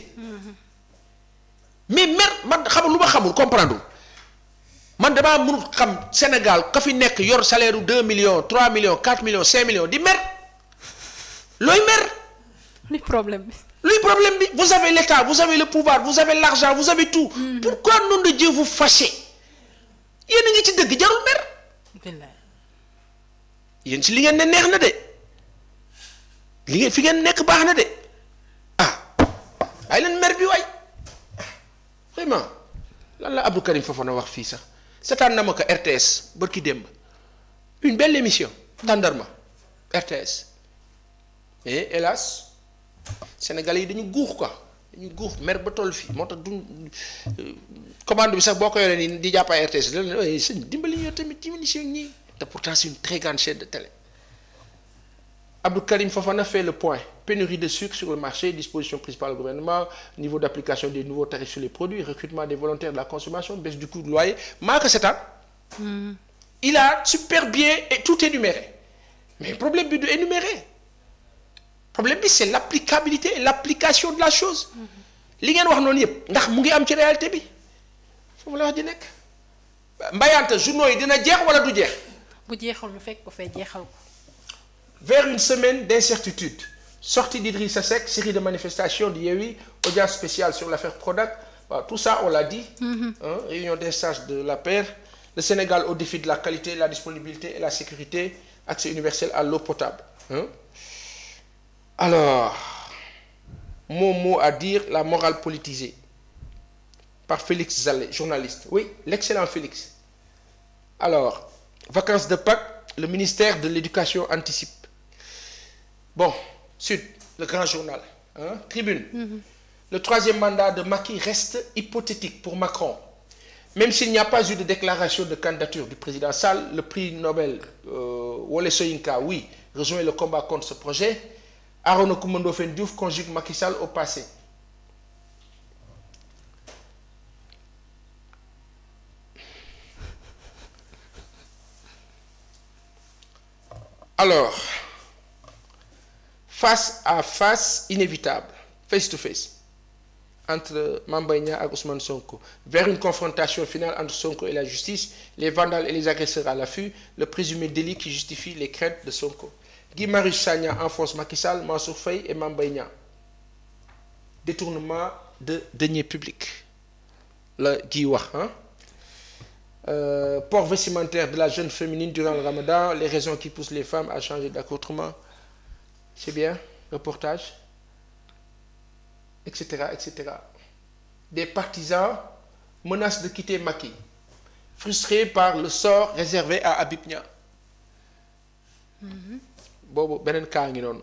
Speaker 1: mais mer man xamul lu ma xamul comprendre man damaa mënul xam Sénégal ka fi nekk yor salaire u deux millions trois millions quatre millions cinq millions di mer looy mer. li problème bi. luy problème bi vous avez l'État vous avez le pouvoir vous avez l'argent vous avez tout. Hmm. pourquoi nom de Dieu vous fâchez yéen a ngi ci dëgg jarul mer. yéen ci li ngeen ne neex na de li ngeen fi ngeen nekk baax na de ah ay leen mer bi waay vraiment lan la Abdou Karim Fofana wax fii sax seetaan na ma ko RTS ki démb une belle émission. Tàndarma RTS et hélas. Sénégalais yi dañu guux quoi dañu guux mer ba toll fii moo tax du commande bi sax boo ko yoree nii di jàpp ay RTS da leen eh, sëñ dimbali ñoo tamit diminution ñii te pourtant c'est une très grande chaîne de télé Abdou Karim Fofana fait le point pénurie de sucre sur le marché disposition prise par le gouvernement niveau d'application des nouveaux tarifs sur les produits recrutement des volontaires de la consommation baisse du coût du loyer maa ko seetaan hmm. il a super bien et tout énuméré mais problème bi du énuméré problème bi c'est l'applicabilité et l'application de la chose li ngeen wax noonu yëpp ndax mu ngi am ci réalité bi foofu la di nekk mbayante journaux yi dina jeex wala du jeex
Speaker 2: bu jeexul fekk ko fee jeexal ko
Speaker 1: vers une semaine d'incertitude sortie d'Idrissa Seck série de manifestations de Yewwi audience spéciale sur l'affaire Prodac waaw tout ça on l'a dit mm-hmm. hein, des sages de la paire le Sénégal au défi de la qualité la disponibilité et la sécurité accès universel à l'eau potable Alors, mon mot à dire, la morale politisée, par Félix Zallet, journaliste. Oui, l'excellent Félix. vacances de Pâques, le ministère de l'Éducation anticipe. Bon, Sud, le grand journal, hein, Tribune. Mm -hmm. Le troisième mandat de Macky reste hypothétique pour Macron. Même s'il n'y a pas eu de déclaration de candidature du président Sall, le prix Nobel euh, Wole Soyinka, oui, rejoint le combat contre ce projet. Arona Coumba Ndoffène Diouf conjugue Macky Sall au passé alors face à face inévitable face to face entre Mame ak Ousmane Sonko vers une confrontation finale entre Sonko et la justice les vandales et les agresseurs à l'affût le présumé délit qui justifie les craintes de Sonko Guy Marius Sagna enfonce Macky Sall Mansour Faye et Mame Mbaye détournement de deniers publics la Guy wax ah port vestimentaire de la jeune féminine durant le Ramadan les raisons qui poussent les femmes à changer d'accoutrement c'est bien reportage etc des partisans menacent de quitter Macky frustrés par le sort réservé à Habib Niang. Mm-hmm. boobu beneen kaa ngi noonu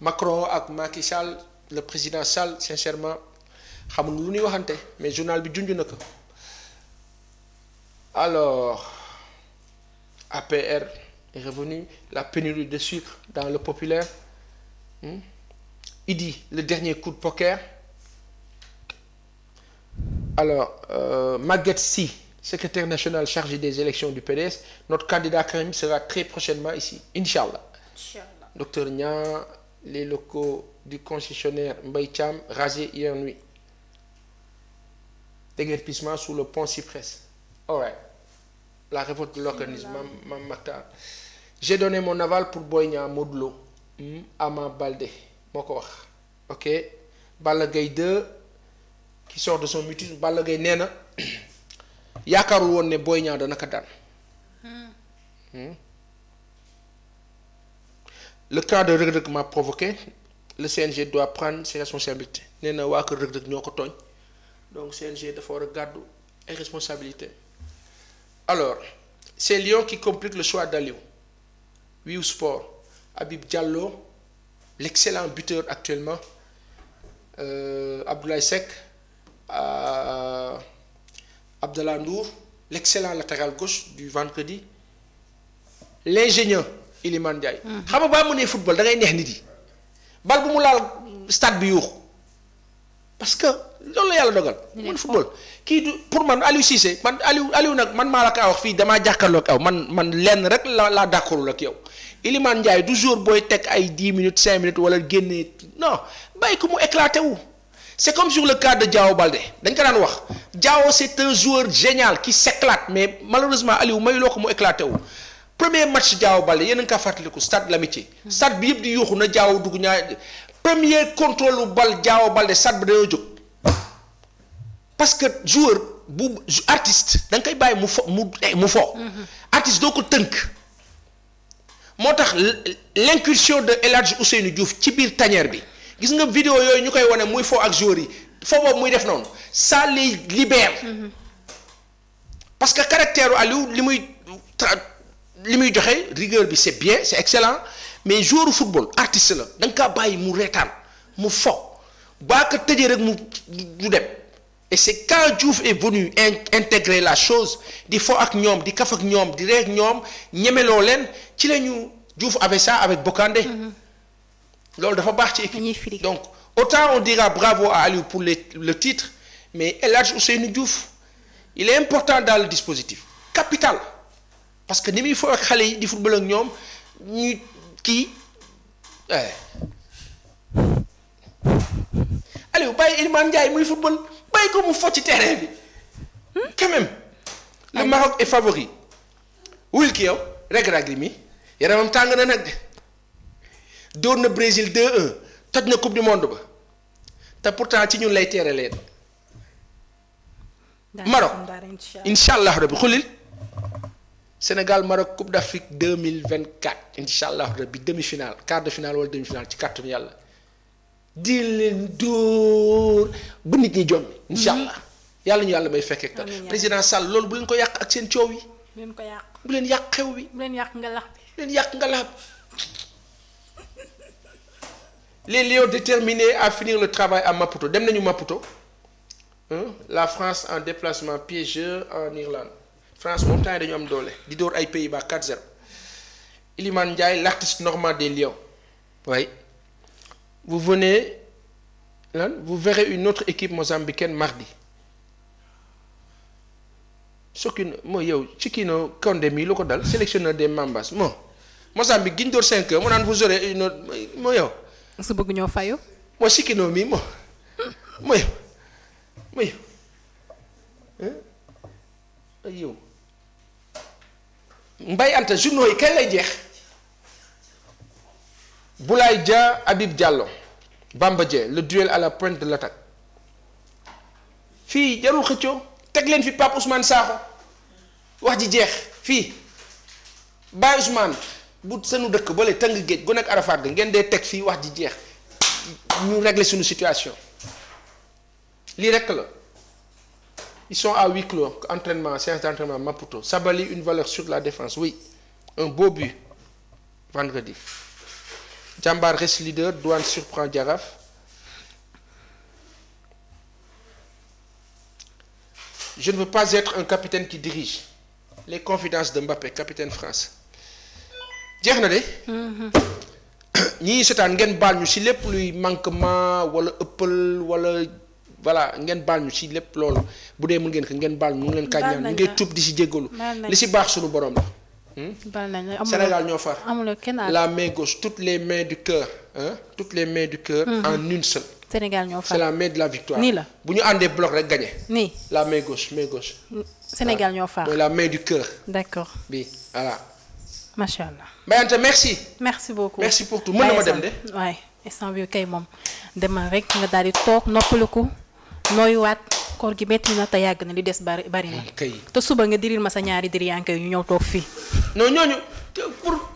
Speaker 1: Macron ak Macky Sall le président Sall sincèrement xamul lu ñuy waxante mais journal bi junj na ko alors APR est la pénurie de sucre dans le populaire hmm? Idi le dernier coup de poker alors euh, Maguette Sy secrétaire national chargé des élections du PDS notre candidat Karim sera très prochainement ici incha allah. docteur Niang locaux du concessionnaire Mbaye Thiam rasés hier nuit déguerpissement sous le pont Cyprès la révolte de l'organisme Mame Mame Mactar j'ai donné mon aval pour Boy Niang Modou Lô mm, Ama Baldé ok Balla Gaye qui sort de son mutisme Balla Gaye [clears throat] yaakaarul woon ne Boy Niang dana ko daan. Hmm? le cas de Reug Reug m'a provoqué le CNG doit prendre ses responsabilités nee na waa kër Reug Reug ñoo ko tooñ donc CNG dafa war a gàddu ay responsabilités alors c'est Lyon qui complique le choix d'Aliou Wiw Sport Habib Diallo l'excellent buteur actuellement euh, Abdoulaye euh, Abdallah Ndour l'excellent latéral gauche du vendredi l'ingénieur Iliman Ndiaye. Hmm. xam nga baa mu nee football da ngay neex nit yi bal bu mu laal stade bi yuux parce que loolu la yàlla dogal. mun football kii du pour man Aliou Cissé man Aliou Aliou nag man maa la ka wax fii damaa jàkkaarloo ak aw man man lenn rek la laa d'accordul ak yow Iliman Ndiaye du jour booy teg ay 10 minutes 5 minutes wala génnee non bàyyi ko mu éclaté wu. c'est comme sur le cas de Diao dañ ko daan wax Diao c'est un joueur génial qui s'éclate mais malheureusement Aliou loo ko mu éclaté wu premier match Diao Baldé yéen a nga kaa fàttaliku stade l'amitié stade bi yëpp di yuuxu na Diao dugg ñaa premier contrôle lu bal Diao Baldé stade bi dañoo jóg parce que joueur bu artiste da koy bàyyi mu fo mu eh, mu fo artiste doo ko tënk moo tax l'incursion de El Hadj Ousseynou Diouf ci biir tanière bi gis nga vidéo yooyu ñu koy wane muy foo ak joueurs yi foo boobu muy def noonu ça les libère. Mm-hmm. parce que caractère Aliou li muy li muy joxe rigueur bi c'est bien c'est excellent mais joueur football artiste la da nga bàyyi mu reetaan mu fo baa ko tëjee rek mu mu dem et c'est quand et est in intégrer la chose di fo ak ñoom di kaf ak ñoom di reek ñoom ñemeloo leen ci la ñu Diouf avait ça avec Bocandé. Mm-hmm. loolu dafa baax ci équipe donc autant on dira bravo à Aliou pour le le titre mais El Hadj Ousseynou Diouf il est important dans le dispositif capital parce que ni muy foo ak xale yi di football ak ñoom ñu kii eh. Aliou bàyyi Iliman Ndiaye muy football bàyyi ko mu fo ci terrain bi quand même le Maroc est favori wul ki yow reg-rag tàng na nag dóor na Brésil 2-1 toj na coupe du monde ba te pourtant ci ñun lay teere leen.
Speaker 2: Maroc incha allah rabbi xulil
Speaker 1: Sénégal Maroc coupe d' Afrique deux mille vingt quatre incha allah rabbi demi finale quart de finale wala demi finale ci kàttanu yàlla di leen dóor ba nit ñi jommi. incha mhm. yàlla ñu yàlla may fekkee tal président Sall loolu bu leen ko yàq ak seen coow yi. bu leen ko yàq bu leen yàq xew bi. bu leen yàq ngalax bi bu leen yàq ngalax bi. les lions déterminés à finir le travail à Maputo dem nañu Maputo la France en déplacement piégeux en Irlande France moom dañu am doole di door ay Pays-Bas 4-0 Ndiaye l'artiste normand des lions waaye vous venez lan vous verrez une autre équipe mozambicaine mardi Sokino mooy yow Chikino Konde mii lu ko dal sélectionneur des Mambas moom Mozambique gi ñu dóor 5 heures naan vous aurez une autre mooy yow. su bëgg ñoo fayu. moo sikkinoo mii moo mooy mooy ay Anta journaux yi kañ lay jeex Boulaye Dia Habib Diallo Bamba Dieng le duel à la pointe de l'attaque fii jarul xëccoo teg leen fi Pape Ousmane Sakho wax ji jeex fii Baye Ousmane. bu senu dëkk bale tëng géej gu nekk Arafat ga ngeen dee teg fii wax ji jeex ñu régler suñu situation lii rekk la il sont à huis clos entraînement séance d'entraînement Maputo Sabali une valeur sur la défense oui un beau but vendredi Jambar reste leader Douane surprend Jaraaf je ne veux pas être un capitaine qui dirige les confidences de Mbappé capitaine France jeex na de. Mm-hmm. [coughs] ñii seetaan ngeen baal ñu si lépp luy manquement wala ëppal wala voilà ngeen baal ñu si lépp loolu bu dee mën ngeen ko ngeen baal ñu ngi leen kañ ñaan ñu ngi tuub di si jéggalu li si baax suñu borom la.
Speaker 2: baal nañ la hmm? Sénégal ñoo far. amuloo kenn la
Speaker 1: main gauche les mains du cœur hein les mains du mm-hmm. en
Speaker 2: Sénégal ñoo far c'est la
Speaker 1: main de la victoire. nii la bu ñu àndee bloc rek gagné. nii la main gauche main gauche.
Speaker 2: Sénégal ñoo far la main du d'accord
Speaker 1: bi voilà. macha allah. Mayante merci.
Speaker 2: merci beaucoup merci pour tout mën na ma dem de. waay instant moom demal rek nga daal di toog noppaliku nooyuwaat koor gi métti na te yàgg na li des bari bari na. Ah, te suba nga diril ma sa ñaari dir yaa ngi ñu ñëw toog fii. non ñooñu pour.